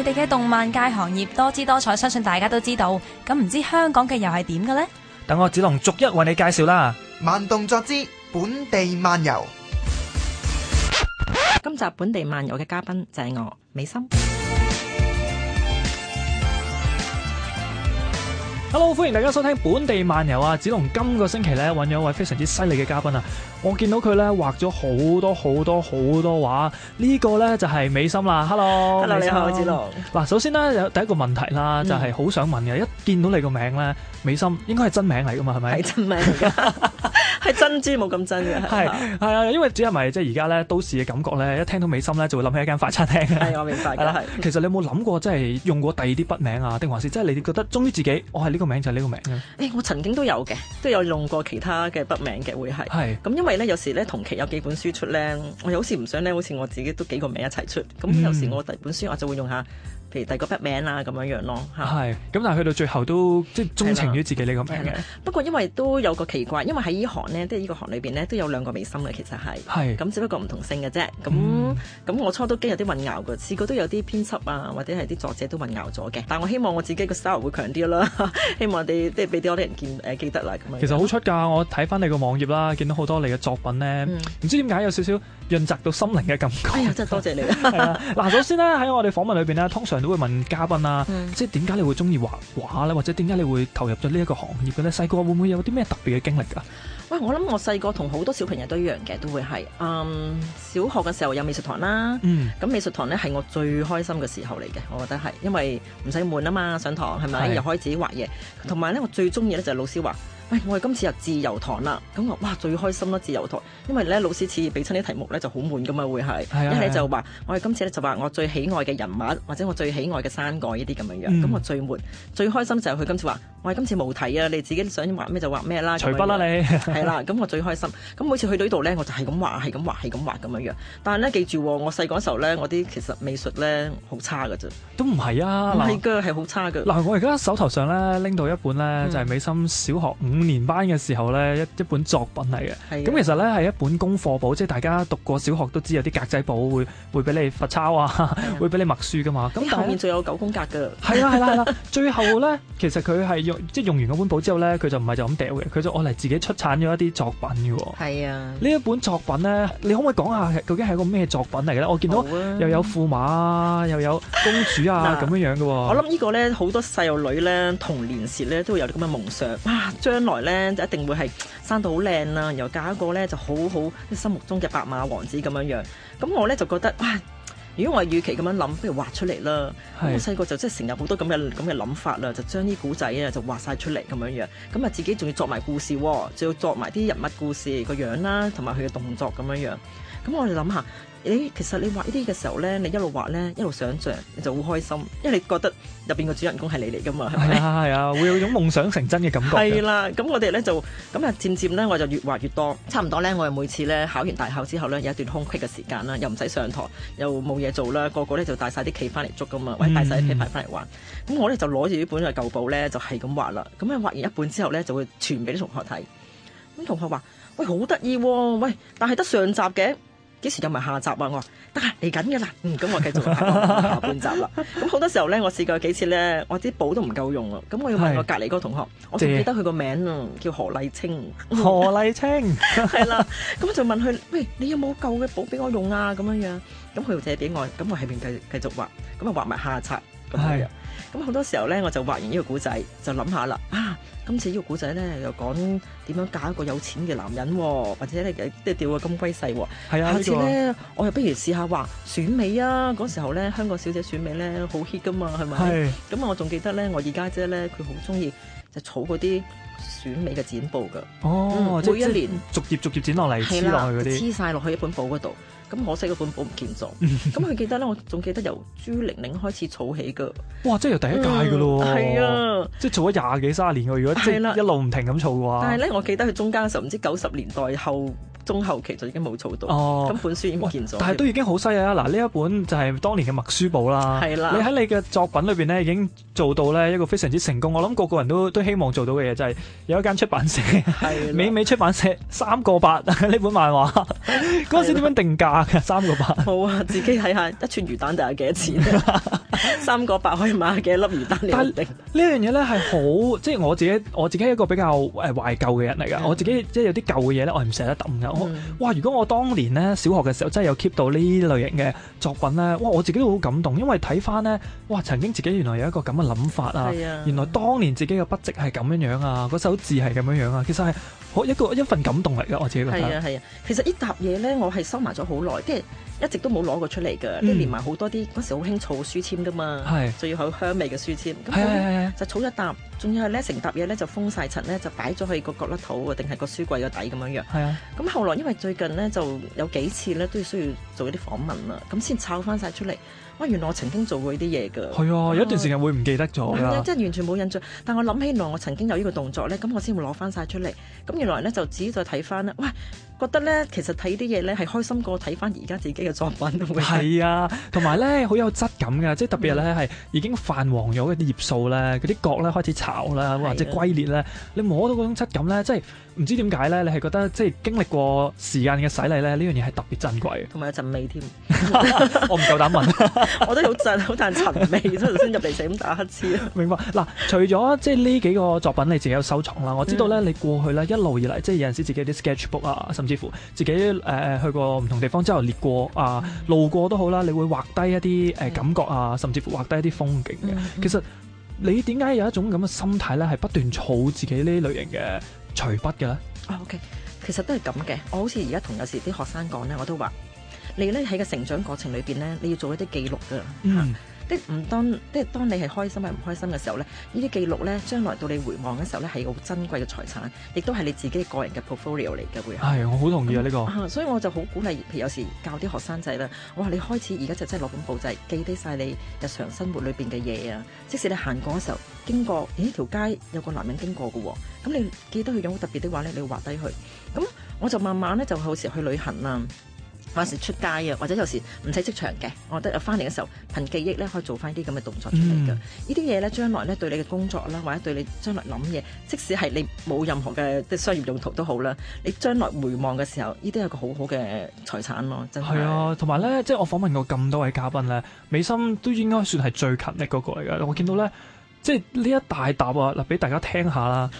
佢哋嘅動漫界行業多姿多彩，相信大家都知道。咁唔知香港嘅又係點嘅呢？等我子龍逐一為你介紹啦！慢動作之本地漫遊，今集本地漫遊嘅嘉賓就係我，美心。Hello，歡迎大家收聽本地漫遊啊！子龍今個星期咧揾咗一位非常之犀利嘅嘉賓啊！我見到佢咧畫咗好多好多好多畫，這個、呢個咧就係、是、美心啦！Hello，Hello，美心，你好，子龍。嗱，首先咧有第一個問題啦，就係、是、好想問嘅，嗯、一見到你個名咧，美心應該係真名嚟噶嘛？係咪？係真名嚟噶。 係珍珠冇咁真嘅，係係啊，因為只係咪，即係而家咧都市嘅感覺咧，一聽到美心咧就會諗起一間快餐廳。係 我明白嘅。其實你有冇諗過即係用過第二啲筆名啊？定還是即係你哋覺得忠於自己？我係呢個名就係呢個名。誒、哎，我曾經都有嘅，都有用過其他嘅筆名嘅，會係。係的。咁因為咧有時咧同期有幾本書出咧，我有時唔想咧，好似我自己都幾個名一齊出。咁有時我第二本書我就會用下。譬如第個筆名啊，咁樣樣咯嚇，係咁，但係去到最後都即係鍾情於自己呢個名。嘅。不過因為都有個奇怪，因為喺呢行咧，即係呢個行裏邊咧都有兩個美心嘅，其實係，係咁是的 只不過唔同性嘅啫。咁咁、嗯、我初都驚有啲混淆嘅，試過都有啲編輯啊或者係啲作者都混淆咗嘅。但我希望我自己個 style 會強啲啦，希望你即係俾我啲人見誒、呃、記得啦。其實好出㗎，嗯、我睇翻你個網頁啦，見到好多你嘅作品咧，唔、嗯、知點解有少少潤澤到心靈嘅感覺。哎、真係多謝、謝你嗱、 啊、首先咧喺我哋訪問裏邊咧通常。都會問嘉賓啊，即係點解你會中意畫畫呢？或者點解你會投入咗呢一個行業嘅呢？細個會唔會有啲咩特別嘅經歷㗎？我諗我細個同好多小朋友都一樣嘅，都會係、嗯，小學嘅時候有美術堂啦，咁、嗯、美術堂咧係我最開心嘅時候嚟嘅，我覺得係，因為唔使悶啊嘛，上堂係咪？又可是 始自己畫嘢，同埋咧我最中意咧就係老師話，喂、哎，我哋今次又自由堂啦。咁我，哇，最開心咯、啊、自由堂，因為咧老師次次俾親啲題目咧就好悶噶嘛會係，是的 一係就話，是的 我哋今次咧就畫我最喜愛嘅人物或者我最喜愛嘅山果呢啲咁樣樣，咁、嗯、我最悶，最開心就係佢今次話、哎，我哋今次冇題啊，你自己想畫咩就畫咩啦，隨筆啦你。 係啦，咁、嗯、我最開心。咁每次去到呢度咧，我就係咁畫，係咁畫，係咁畫咁樣樣。但係咧，記住我細嗰陣時候咧，我啲其實美術咧好差嘅啫。都唔係啊，唔係噶，係好差噶。嗱，我而家手頭上咧拎到一本咧，嗯、就係美心小學五年班嘅時候咧一一本作品嚟嘅。咁、啊、其實咧係一本功課簿，即係大家讀過小學都知有啲格仔簿會會俾你罰抄啊，啊 會俾你默書噶嘛。咁下面仲有九宮格噶。係啦係啦係啦，最後咧其實佢係用即係用完嗰本簿之後咧，佢就唔係就咁掉嘅，佢就我嚟自己出產嘅。一啲作品嘅係啊，呢一本作品咧，你可唔可以講下究竟係一個咩作品嚟嘅咧？我見到又有駙馬，有啊、又有公主啊，咁 樣樣嘅。我諗呢個咧，好多細路女咧，童年時咧都會有啲咁嘅夢想，哇！將來咧就一定會係生到好靚啦，然後嫁一個咧就好好心目中嘅白馬王子咁樣樣。咁我咧就覺得哇！如果我係預期咁樣諗，不如畫出嚟啦。是我細個就真係成日好多咁嘅咁嘅諗法啦，就將啲古仔啊就畫晒出嚟咁樣樣，咁啊自己仲要作埋故事，仲要作埋啲人物故事個樣啦，同埋佢嘅動作咁樣樣。咁我哋諗下。你其實你畫呢啲嘅時候咧，你一路畫咧，一路想像，你就好開心，因為你覺得入邊個主人公係你嚟噶嘛，係咪？係啊，會有種夢想成真嘅感覺。係啦，咁我哋咧就咁啊，漸漸咧我就越畫越多，差唔多咧，我哋每次咧考完大考之後咧有一段空隙嘅時間啦，又唔使上堂，又冇嘢做啦，個個咧就帶曬啲棋翻嚟捉噶嘛，或者，帶曬啲棋牌翻嚟玩。咁我哋就攞住呢本嘅舊簿咧就係咁畫啦。咁啊畫完一本之後咧就會傳俾啲同學睇。咁同學話：喂，好得意喎！喂，但係得上集嘅。幾時有埋下集啊？我話得啊，嚟緊嘅啦。嗯，咁我繼續下半集啦。咁好 多時候咧，我試過幾次咧，我啲簿都唔夠用啊。咁我要問我隔離嗰個同學，的我仲記得佢個名啊，叫何麗清。嗯、何麗清係啦。咁 我就問佢，喂、欸，你有冇舊嘅簿俾我用啊？咁樣樣咁佢借俾我，咁我係邊繼繼續畫，咁啊畫埋下集咁樣。咁、那、好、個、的多時候咧，我就畫完呢個古仔就諗下啦啊。今次個呢個古仔咧，又講點樣嫁一個有錢嘅男人、哦，或者咧都掉個金龜婿喎。勢哦啊、下次咧，這個、我又不如試下話選美啊！嗰時候咧，香港小姐選美咧好 hit 噶嘛，係咪？咁啊是、嗯，我仲記得咧，我二家姐咧，佢好中意就儲嗰啲選美嘅剪報噶。哦、嗯，每一年逐頁逐頁剪落嚟，黐落去，啲，黐晒落去一本簿嗰度。咁可惜個本簿唔見咗，咁佢 記得咧，我仲記得由朱玲玲開始儲起噶，哇！即係由第一屆噶咯，係、嗯、啊，即係做咗廿幾三十年喎。如果即係一路唔停咁儲嘅話，啊、但係咧，我記得佢中間嗰時候唔知九十年代後中後期就已經冇做到，咁、哦、本書已經唔見咗，但係都已經好犀利啊！嗱，呢一本就係當年嘅墨書簿啦。係啦的，你喺你嘅作品裏邊咧，已經做到咧一個非常之成功。我諗個個人都都希望做到嘅嘢，就係、是、有一間出版社，的 美美出版社三個八呢本漫畫。嗰陣的 時點樣定價嘅三個八？冇 啊，自己睇下一串魚蛋就係幾多錢。 三個白開馬嘅粒魚蛋嚟。但係呢樣嘢咧係好，即係我自己我自己係一個比較誒懷舊嘅人嚟噶。我自己即係有啲舊嘅嘢咧，我係唔捨得抌噶。哇！如果我當年咧小學嘅時候真係有 keep 到呢類型嘅作品咧，哇！我自己都好感動，因為睇返咧，哇！曾經自己原來有一個咁嘅諗法啊，原來當年自己嘅筆跡係咁樣樣啊，嗰手字係咁樣樣啊，其實係好一個一份感動嚟噶。我自己覺得係啊係啊。其實呢沓嘢咧，我係收埋咗好耐，即係一直都冇攞過出嚟噶。連埋好多啲嗰時好興儲書籤都。嘛，係，仲要好香味嘅書籤，咁嗰啲就儲一沓，仲要係咧成沓嘢咧就封晒塵咧，就擺咗喺個角落頭啊，定係個書櫃個底咁樣樣。係啊，咁後來因為最近咧就有幾次咧都要需要做一啲訪問啦，咁先摷翻晒出嚟。哇，原來我曾經做過呢啲嘢㗎。係啊對呀 唉，有一段時間會唔記得咗，即係完全冇印象。但我諗起原來我曾經有呢個動作咧，咁我先會攞翻晒出嚟。咁原來咧就自己再睇翻啦。喂！覺得咧，其實睇啲嘢咧係開心過睇返而家自己嘅作品。係 啊，同埋咧好有質感嘅，即係特別咧係已經泛黃咗嘅啲頁數咧，嗰啲角咧開始巢啦，或者龜裂咧，啊、你摸到嗰種質感咧，即係唔知點解咧，你係覺得即係經歷過時間嘅洗禮咧，呢樣嘢係特別珍貴。同埋一陣味添， 我唔夠膽問。 我覺得好陣好陣塵味，頭先入嚟成咁打乞嗤。 明白嗱、啊，除咗即係呢幾個作品你自己有收藏啦，我知道咧你過去咧一路以嚟，即係有陣時自己啲 sketchbook 啊， 甚至乎自己誒誒、呃、去過唔同地方之後，列過啊、呃，路過都好啦，你會畫低一啲誒、呃、是的 感覺啊，甚至乎畫低一啲風景嘅。嗯嗯，其實你點解有一種咁嘅心態咧，係不斷儲自己呢類型嘅隨筆嘅咧？OK 其實都係咁嘅。我好似而家同有時啲學生講咧，我都話你咧，喺個成長過程裏邊咧，你要做一啲記錄㗎。嗯即係唔當，即係當你係開心係唔開心嘅時候咧，呢啲記錄咧，將來到你回望嘅時候咧，係好珍貴嘅財產，亦都係你自己個人嘅 portfolio 嚟嘅。會係我好同意啊呢個啊。所以我就好鼓勵，譬如有時教啲學生仔啦，我話你開始而家就真係攞本簿仔，記低晒你日常生活裏邊嘅嘢啊。即使你行過嘅時候經過，呢條街有個男人經過嘅喎，咁你記得佢有好特別的話咧，你要畫低佢。咁我就慢慢咧就好似去旅行啦。有時出街啊，或者有時唔使職場嘅，我覺得翻嚟嘅時候憑記憶咧，可以做翻啲咁嘅動作出嚟噶。嗯、呢啲嘢咧，將來咧對你嘅工作啦，或者對你將來諗嘢，即使係你冇任何嘅即商業用途都好啦，你將來回望嘅時候，呢啲係個好好嘅財產咯，真係。係啊，同埋咧，即係我訪問過咁多位嘉賓咧，美心都應該算係最勤力嗰個嚟噶。我見到咧，即係呢一大沓啊，嗱，俾大家聽下啦。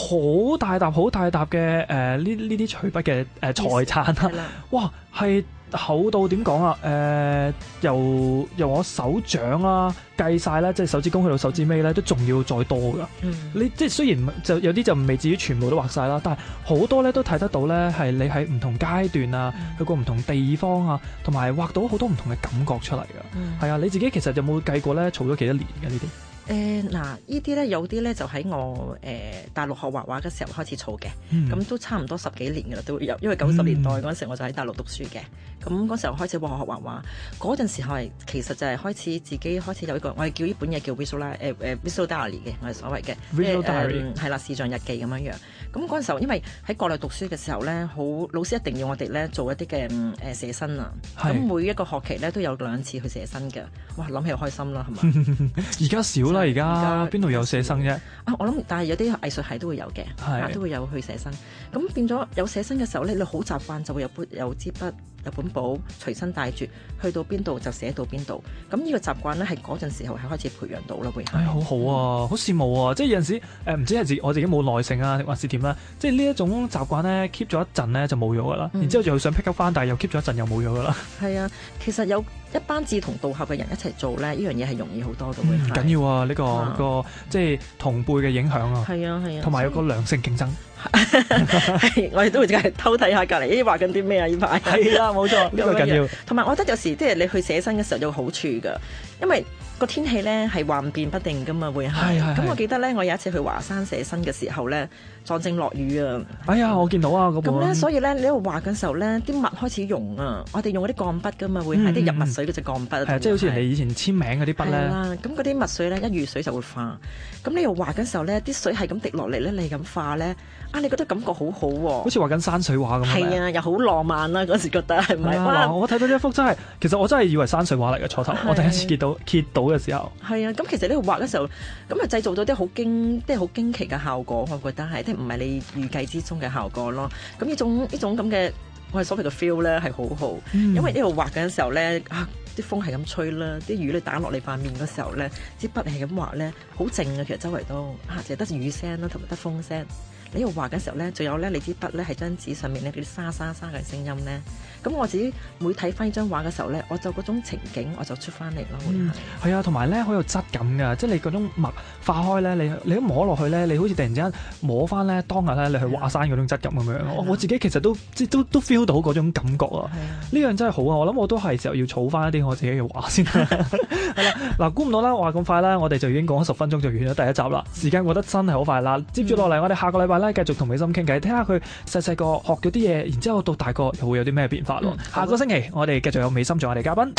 好大沓，好大沓嘅，誒，呢呢啲隨筆嘅，誒財產啊，哇係厚到點講啊？誒、呃、由由我手掌啊計晒咧，即係手指公去到手指尾咧，都仲要再多㗎。嗯，你即係雖然就有啲就未至於全部都畫晒啦，但係好多咧都睇得到咧，係你喺唔同階段啊，嗯、去過唔同地方啊，同埋畫到好多唔同嘅感覺出嚟㗎。嗯，係啊，你自己其實有冇計過咧，儲咗幾多年㗎呢啲？誒嗱，呃、呢啲咧有啲咧就喺我誒、呃、大陸學畫畫嘅時候開始儲嘅，咁、嗯、都差唔多十幾年噶啦，都有因為九十年代嗰陣時我就喺大陸讀書嘅，咁嗰、嗯、時候開始學學畫畫，嗰陣時候其實就係開始自己開始有一個，我係叫呢本嘢叫 visual、呃、diary 嘅，我哋所謂嘅 visual diary 係啦，視像日記咁樣樣。咁嗰陣時候因為喺國內讀書嘅時候咧，好老師一定要我哋咧做一啲嘅誒寫生啊，咁是每一個學期咧都有兩次去寫生嘅，哇諗起開心啦，係嘛？而家 少啦。而家邊度有寫生啫？啊，我諗，但係有啲藝術系都會有嘅是、啊，都會有去寫生。咁變咗有寫生嘅時候咧，你好習慣就會有本有支筆有本簿隨身帶住，去到邊度就寫到邊度。咁呢個習慣咧係嗰陣時候係開始培養到啦，會。唉、哎，好好啊，好羨慕啊！嗯、即係有陣時誒，唔、呃、知係自我自己冇耐性啊，還是點啊？即係呢一種習慣咧，keep 咗一陣咧就冇咗噶啦。嗯、然之後想 up, 就想 pick up 翻，但係又 keep 咗一陣又冇咗噶啦。係啊，其實有。一班志同道合嘅人一齊做咧，呢樣嘢係容易好多嘅。唔緊要啊，呢個個即係同輩嘅影響啊。係啊係啊。同埋有個良性競爭。係，我哋都會即係偷睇下隔離依啲畫緊啲咩啊呢排。係啦，冇錯，呢個緊要。同埋我覺得有時即係你去寫生嘅時候有個好處㗎，因為個天氣咧係幻變不定㗎嘛，會係。咁我記得咧，我有一次去華山寫生嘅時候咧，撞正落雨啊。哎呀，我見到啊，咁。咁咧，所以咧你喺度畫緊嘅時候咧，啲墨開始溶啊。我哋用嗰啲鋼筆㗎嘛，會喺啲入墨。嗰隻鋼筆，即係好似人哋以前簽名嗰啲筆咧。咁嗰啲墨水咧，一遇水就會化。咁你又畫嘅時候咧，啲水係咁滴落嚟咧，你咁化咧，啊，你覺得感覺好、啊、好喎，好似畫緊山水畫咁啊。係啊，又好浪漫啦，嗰時覺得係咪？嗱，我睇到呢一幅真係， 其實我真係以為山水畫嚟嘅，初頭的我第一次見到揭到嘅時候。係啊，咁其實呢畫嘅時候，咁啊製造到啲好驚，即係好驚奇嘅效果，我覺得係，即係唔係你預計之中嘅效果咯。咁呢種呢種咁嘅。我係所謂嘅 feel 咧係好好，嗯、因為呢度畫緊時候咧，啊啲風係咁吹啦，啲雨你打落嚟塊面嘅時候咧，支筆係咁畫咧，好靜呀，其實周圍都，啊淨係得雨聲啦，同埋得風聲。喺度畫嘅時候咧，仲有咧，你支筆咧喺張紙上面咧，啲沙沙沙嘅聲音咧。咁我自己每睇翻呢張畫嘅時候咧，我就嗰種情景我就出翻嚟咯。嗯。係啊，同埋咧好有質感嘅，即係你嗰種墨化開咧，你你一摸落去咧，你好似突然之間摸翻咧當日咧你去畫山嗰種質感咁樣，啊、我自己其實都即係都都 feel 到嗰種感覺啊。呢樣真係好啊！我諗我都係時候要儲翻一啲我自己嘅畫先。係啦 了，嗱，估唔到啦，話咁快啦，我哋就已經講咗十分鐘就完咗第一集啦。時間過得真係好快啦。接住落嚟，我哋下個禮拜。繼續同美心傾偈，聽下佢細細個學咗啲嘢，然之後到大個又會有啲咩變化咯。下個星期我哋繼續有美心做我哋嘉賓。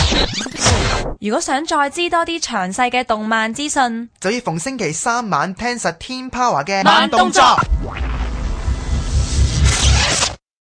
如果想再知多啲詳細嘅動漫資訊，就要逢星期三晚聽實天 power 嘅慢動作。